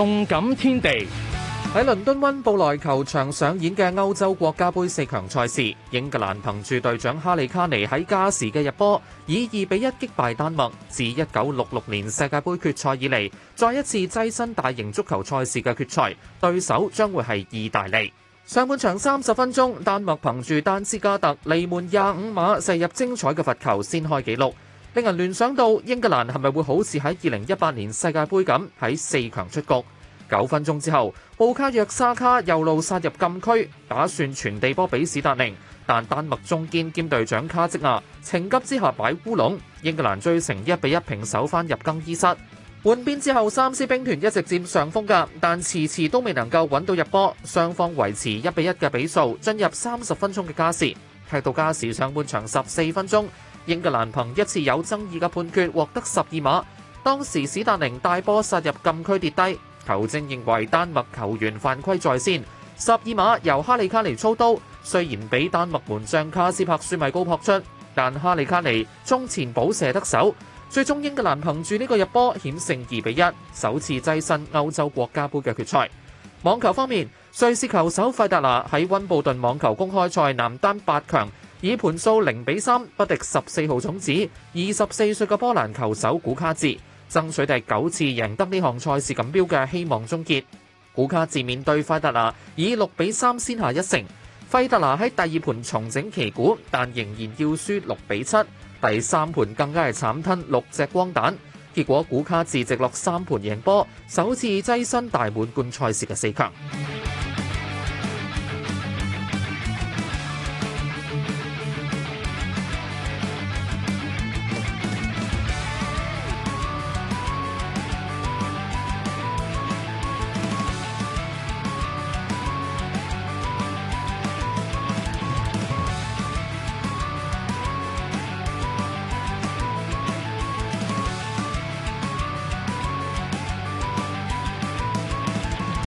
動感天地，喺倫敦溫布萊球場上演嘅歐洲國家盃四強賽事，英格蘭憑住隊長哈利卡尼喺加時嘅入波，以二比一擊敗丹麥。自一九六六年世界盃決賽以嚟，再一次躋身大型足球賽事嘅決賽，對手將會係意大利。上半場三十分鐘，丹麥憑住丹斯加特離門廿五碼射入精彩嘅罰球，先開紀錄。令人聯想到英格蘭係咪會好似喺二零一八年世界盃咁喺四強出局？九分鐘之後，布卡約沙卡右路殺入禁區，打算傳地波俾史達寧，但丹麥中堅兼隊長卡積亞情急之下擺烏龍，英格蘭追成一比一平手，返入更衣室換邊之後，三獅兵團一直佔上風㗎，但遲遲都未能夠揾到入波，雙方維持一比一嘅比數，進入三十分鐘嘅加時，踢到加時上半場十四分鐘。英格蘭憑一次有爭議嘅判決獲得十二碼，當時史達寧大波殺入禁區跌低，球證認為丹麥球員犯規在先，十二碼由哈利卡尼操刀，雖然俾丹麥門將卡斯柏舒米高撲出，但哈利卡尼中前補射得手，最終英格蘭憑住呢個入波險勝二比一，首次躋身歐洲國家杯嘅決賽。網球方面，瑞士球手費達拿喺溫布頓網球公開賽男單八強，以盤數零比三不敵十四號種子、二十四歲嘅波蘭球手古卡治，爭取第九次贏得呢項賽事錦標嘅希望終結。古卡治面對費達拿，以六比三先下一城。費達拿喺第二盤重整旗鼓，但仍然要輸六比七。第三盤更加係慘吞六隻光蛋，結果古卡治直落三盤贏波，首次躋身大滿貫賽事嘅四強。